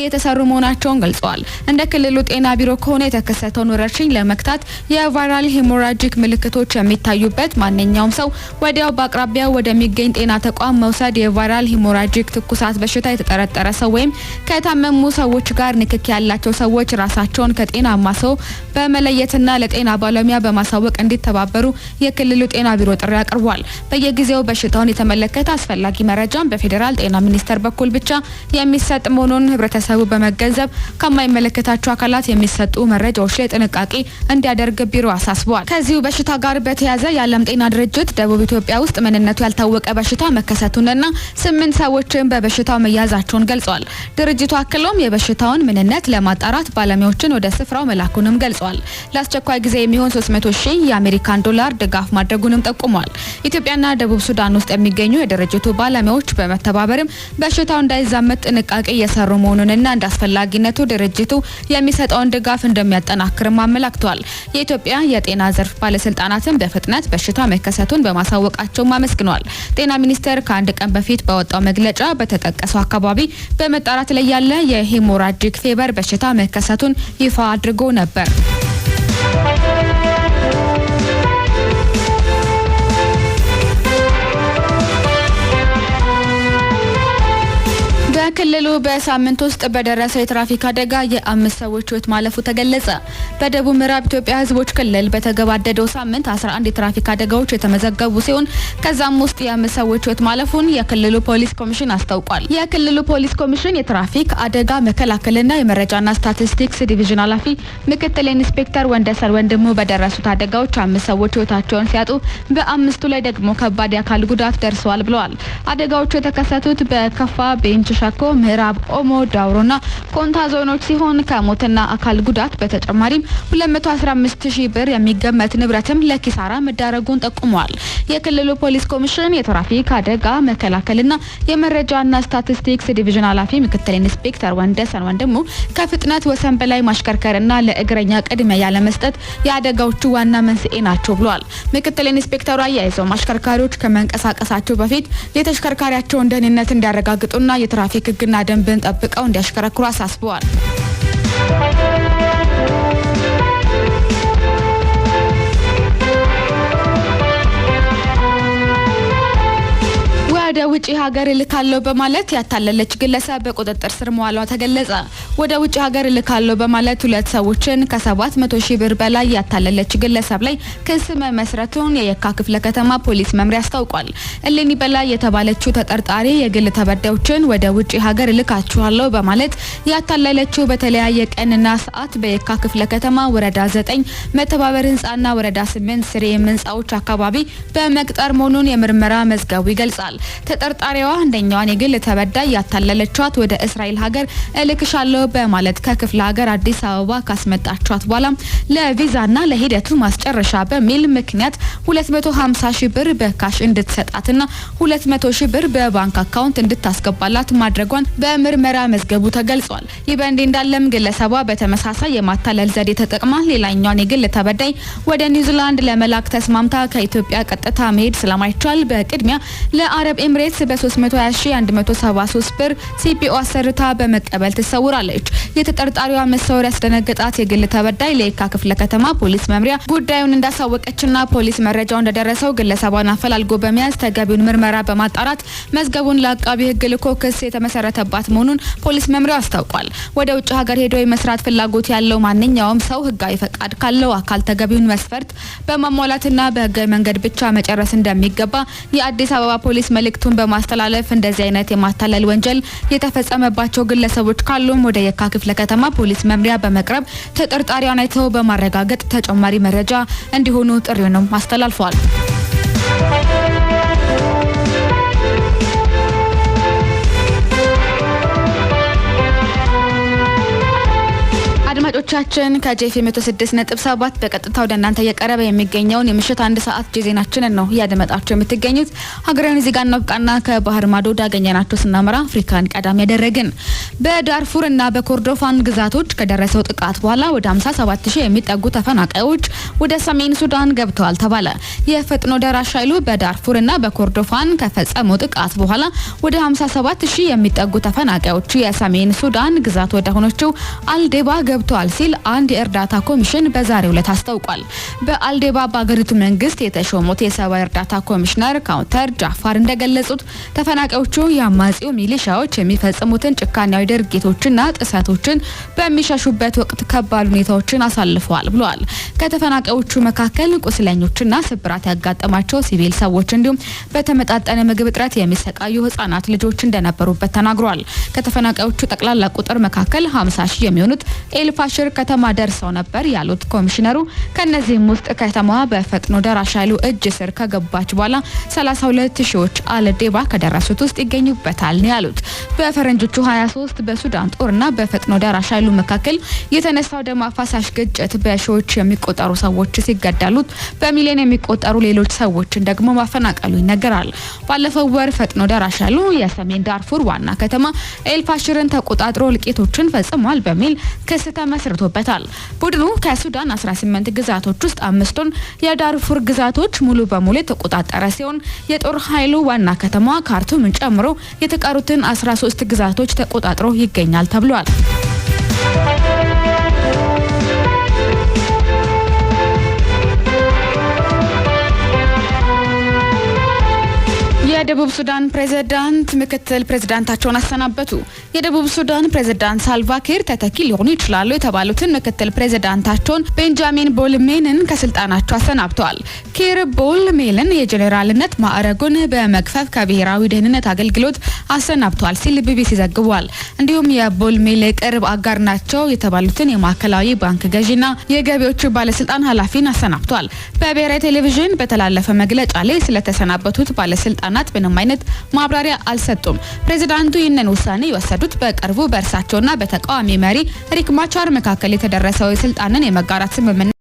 እየተሰሩ መሆናቸውን ገልጸዋል። እንደ ክልሉ ጤና ቢሮ ከሆነ የተከሰተውን ወረርሽኝ ለመግታት የቫይራል ሄሞራጂክ ምልክቶች የሚታዩበት ማንኛውም ሰው ወዲያው በአቅራቢያው ወደሚገኝ ጤና ተቋም መውሰድ፣ የቫይራል ሄሞራጂክ ትኩሳት በሽታ የተጠረጠረ ሰው ወይም ከታመሙ ሰዎች ጋር ንክክ ያላቸው ሰዎች ራሳቸውን ከጤናማ ሰው በመለየትና ለጤና ባለሙያ በማሳወቅ እንዲተባበሩ የክልሉ ጤና ቢሮ ጥሪ አቅርቧል። በየጊዜው በሽታውን የተመለከተ አስፈላጊ መረጃም በፌዴራል ጤና ሚኒስቴር በኩል ብቻ የሚሰጥ መሆኑን ህብረተሰብ ማህበረሰቡ በመገንዘብ ከማይመለከታቸው አካላት የሚሰጡ መረጃዎች ላይ ጥንቃቄ እንዲያደርግ ቢሮ አሳስበዋል። ከዚሁ በሽታ ጋር በተያያዘ የዓለም ጤና ድርጅት ደቡብ ኢትዮጵያ ውስጥ ምንነቱ ያልታወቀ በሽታ መከሰቱንና ስምንት ሰዎችን በበሽታው መያዛቸውን ገልጿል። ድርጅቱ አክሎም የበሽታውን ምንነት ለማጣራት ባለሙያዎችን ወደ ስፍራው መላኩንም ገልጿል። ለአስቸኳይ ጊዜ የሚሆን 300 ሺህ የአሜሪካን ዶላር ድጋፍ ማድረጉንም ጠቁሟል። ኢትዮጵያና ደቡብ ሱዳን ውስጥ የሚገኙ የድርጅቱ ባለሙያዎች በመተባበርም በሽታው እንዳይዛመት ጥንቃቄ እየሰሩ መሆኑን መሆኑንና እንደ አስፈላጊነቱ ድርጅቱ የሚሰጠውን ድጋፍ እንደሚያጠናክርም አመላክተዋል። የኢትዮጵያ የጤና ዘርፍ ባለስልጣናትም በፍጥነት በሽታ መከሰቱን በማሳወቃቸውም አመስግኗል ጤና ሚኒስቴር ከአንድ ቀን በፊት በወጣው መግለጫ በተጠቀሰው አካባቢ በመጣራት ላይ ያለ የሄሞራጂክ ፌበር በሽታ መከሰቱን ይፋ አድርጎ ነበር። በክልሉ በሳምንት ውስጥ በደረሰ የትራፊክ አደጋ የአምስት ሰዎች ህይወት ማለፉ ተገለጸ። በደቡብ ምዕራብ ኢትዮጵያ ህዝቦች ክልል በተገባደደው ሳምንት 11 የትራፊክ አደጋዎች የተመዘገቡ ሲሆን ከዛም ውስጥ የአምስት ሰዎች ህይወት ማለፉን የክልሉ ፖሊስ ኮሚሽን አስታውቋል። የክልሉ ፖሊስ ኮሚሽን የትራፊክ አደጋ መከላከልና የመረጃና ስታቲስቲክስ ዲቪዥን ኃላፊ ምክትል ኢንስፔክተር ወንደሰን ወንድሙ በደረሱት አደጋዎች አምስት ሰዎች ህይወታቸውን ሲያጡ በአምስቱ ላይ ደግሞ ከባድ የአካል ጉዳት ደርሰዋል ብለዋል። አደጋዎቹ የተከሰቱት በከፋ ቤንች ሸኮ ሸኮ፣ ምዕራብ ኦሞ፣ ዳውሮና ኮንታ ዞኖች ሲሆን ከሞትና አካል ጉዳት በተጨማሪም 215 ሺህ ብር የሚገመት ንብረትም ለኪሳራ መዳረጉን ጠቁመዋል። የክልሉ ፖሊስ ኮሚሽን የትራፊክ አደጋ መከላከልና የመረጃና ስታቲስቲክስ ዲቪዥን ኃላፊ ምክትል ኢንስፔክተር ወንደሰን ወንድሙ ከፍጥነት ወሰን በላይ ማሽከርከርና ለእግረኛ ቅድሚያ ያለመስጠት የአደጋዎቹ ዋና መንስኤ ናቸው ብሏል። ምክትል ኢንስፔክተሩ አያይዘው አሽከርካሪዎች ከመንቀሳቀሳቸው በፊት የተሽከርካሪያቸውን ደህንነት እንዲያረጋግጡና የትራፊክ ህግና ደንብን ጠብቀው እንዲያሽከረክሩ አሳስበዋል። ውጭ ሀገር እልካለሁ በማለት ያታለለች ግለሰብ በቁጥጥር ስር መዋሏ ተገለጸ። ወደ ውጭ ሀገር እልካለሁ በማለት ሁለት ሰዎችን ከሰባት መቶ ሺህ ብር በላይ ያታለለች ግለሰብ ላይ ክስ መመስረቱን የየካ ክፍለ ከተማ ፖሊስ መምሪያ አስታውቋል። እሌኒ በላይ የተባለችው ተጠርጣሪ የግል ተበዳዮችን ወደ ውጭ ሀገር እልካችኋለሁ በማለት ያታለለችው በተለያየ ቀንና ሰዓት በየካ ክፍለ ከተማ ወረዳ 9 መተባበር ህንፃና ወረዳ 8 ስሬ ህንፃዎች አካባቢ በመቅጠር መሆኑን የምርመራ መዝገቡ ይገልጻል። ተጠርጣሪዋ አንደኛዋን የግል ተበዳይ ያታለለቻት ወደ እስራኤል ሀገር እልክሻለሁ በማለት ከክፍለ ሀገር አዲስ አበባ ካስመጣቻት በኋላ ለቪዛና ለሂደቱ ማስጨረሻ በሚል ምክንያት 250 ሺህ ብር በካሽ እንድትሰጣትና 200 ሺህ ብር በባንክ አካውንት እንድታስገባላት ማድረጓን በምርመራ መዝገቡ ተገልጿል። ይህ በእንዲህ እንዳለም ግለሰቧ በተመሳሳይ የማታለል ዘዴ ተጠቅማ ሌላኛዋን የግል ተበዳይ ወደ ኒውዚላንድ ለመላክ ተስማምታ ከኢትዮጵያ ቀጥታ መሄድ ስለማይቻል በቅድሚያ ለአረብ ኤምሬትስ በ32173 ብር ሲፒኦ አሰርታ በመቀበል ትሰውራለች። የተጠርጣሪዋ መሰወር ያስደነገጣት የግል ተበዳይ ለየካ ክፍለ ከተማ ፖሊስ መምሪያ ጉዳዩን እንዳሳወቀችና ፖሊስ መረጃው እንደደረሰው ግለሰቧን አፈላልጎ በመያዝ ተገቢውን ምርመራ በማጣራት መዝገቡን ለአቃቢ ህግ ልኮ ክስ የተመሰረተባት መሆኑን ፖሊስ መምሪያው አስታውቋል። ወደ ውጭ ሀገር ሄዶ የመስራት ፍላጎት ያለው ማንኛውም ሰው ህጋዊ ፈቃድ ካለው አካል ተገቢውን መስፈርት በማሟላትና በህጋዊ መንገድ ብቻ መጨረስ እንደሚገባ የአዲስ አበባ ፖሊስ መልእክቱን በማ በማስተላለፍ እንደዚህ አይነት የማታለል ወንጀል የተፈጸመባቸው ግለሰቦች ካሉም ወደ የካ ክፍለ ከተማ ፖሊስ መምሪያ በመቅረብ ተጠርጣሪያን አይተው በማረጋገጥ ተጨማሪ መረጃ እንዲሆኑ ጥሪውንም አስተላልፏል። ከጄፍ ተመልካቾቻችን ከጄፌ 106.7 በቀጥታ ወደ እናንተ እየቀረበ የሚገኘውን የምሽት አንድ ሰዓት ዜናችንን ነው እያደመጣችሁ የምትገኙት። ሀገራዊ ዜጋ እናብቃና ከባህር ማዶ ዳገኘናቸው ስናመራ አፍሪካን ቀዳሚ ያደረግን በዳርፉር እና በኮርዶፋን ግዛቶች ከደረሰው ጥቃት በኋላ ወደ 57 ሺህ የሚጠጉ ተፈናቃዮች ወደ ሰሜን ሱዳን ገብተዋል ተባለ። የፈጥኖ ደራሽ ኃይሉ በዳርፉር እና በኮርዶፋን ከፈጸመው ጥቃት በኋላ ወደ 57 ሺህ የሚጠጉ ተፈናቃዮች የሰሜን ሱዳን ግዛት ወደ ሆነችው አልዴባ ገብተዋል ሲል ሲል አንድ የእርዳታ ኮሚሽን በዛሬው ዕለት አስታውቋል። በአልዴባ በአገሪቱ መንግስት የተሾሙት የሰብአዊ እርዳታ ኮሚሽነር ካውንተር ጃፋር እንደገለጹት ተፈናቃዮቹ የአማጺው ሚሊሻዎች የሚፈጽሙትን ጭካኔያዊ ድርጊቶችና ጥሰቶችን በሚሸሹበት ወቅት ከባድ ሁኔታዎችን አሳልፈዋል ብለዋል። ከተፈናቃዮቹ መካከል ቁስለኞችና ስብራት ያጋጠማቸው ሲቪል ሰዎች እንዲሁም በተመጣጠነ ምግብ እጥረት የሚሰቃዩ ህጻናት ልጆች እንደነበሩበት ተናግሯል። ከተፈናቃዮቹ ጠቅላላ ቁጥር መካከል 50 ሺህ የሚሆኑት ኤልፋሽር ከተማ ደርሰው ነበር ያሉት ኮሚሽነሩ ከነዚህም ውስጥ ከተማዋ በፈጥኖ ደራሽ ኃይሉ እጅ ስር ከገባች በኋላ 32 ሺዎች አልዴባ ከደረሱት ውስጥ ይገኙበታል ነው ያሉት። በፈረንጆቹ 23 በሱዳን ጦርና በፈጥኖ ደራሽ ኃይሉ መካከል የተነሳው ደም አፋሳሽ ግጭት በሺዎች የሚቆጠሩ ሰዎች ሲገደሉት በሚሊዮን የሚቆጠሩ ሌሎች ሰዎችን ደግሞ ማፈናቀሉ ይነገራል። ባለፈው ወር ፈጥኖ ደራሽ ኃይሉ የሰሜን ዳርፉር ዋና ከተማ ኤልፋሽርን ተቆጣጥሮ እልቂቶችን ፈጽሟል በሚል ክስ ተመስርቶ ተሰጥቶበታል። ቡድኑ ከሱዳን 18 ግዛቶች ውስጥ አምስቱን የዳርፉር ግዛቶች ሙሉ በሙሉ የተቆጣጠረ ሲሆን የጦር ኃይሉ ዋና ከተማዋ ካርቱምን ጨምሮ የተቀሩትን 13 ግዛቶች ተቆጣጥሮ ይገኛል ተብሏል። የደቡብ ሱዳን ፕሬዝዳንት ምክትል ፕሬዝዳንታቸውን አሰናበቱ። የደቡብ ሱዳን ፕሬዝዳንት ሳልቫኪር ተተኪ ሊሆኑ ይችላሉ የተባሉትን ምክትል ፕሬዝዳንታቸውን ቤንጃሚን ቦልሜንን ከስልጣናቸው አሰናብተዋል። ኪር ቦልሜልን የጀኔራልነት ማዕረጉን በመግፈፍ ከብሔራዊ ደህንነት አገልግሎት አሰናብተዋል ሲል ቢቢሲ ዘግቧል። እንዲሁም የቦልሜል ቅርብ አጋር ናቸው የተባሉትን የማዕከላዊ ባንክ ገዢና የገቢዎች ባለስልጣን ኃላፊን አሰናብተዋል። በብሔራዊ ቴሌቪዥን በተላለፈ መግለጫ ላይ ስለተሰናበቱት ባለስልጣናት ምንም አይነት ማብራሪያ አልሰጡም። ፕሬዚዳንቱ ይህንን ውሳኔ የወሰዱት በቅርቡ በእርሳቸውና በተቃዋሚ መሪ ሪክ ማቻር መካከል የተደረሰው የስልጣንን የመጋራት ስምምነት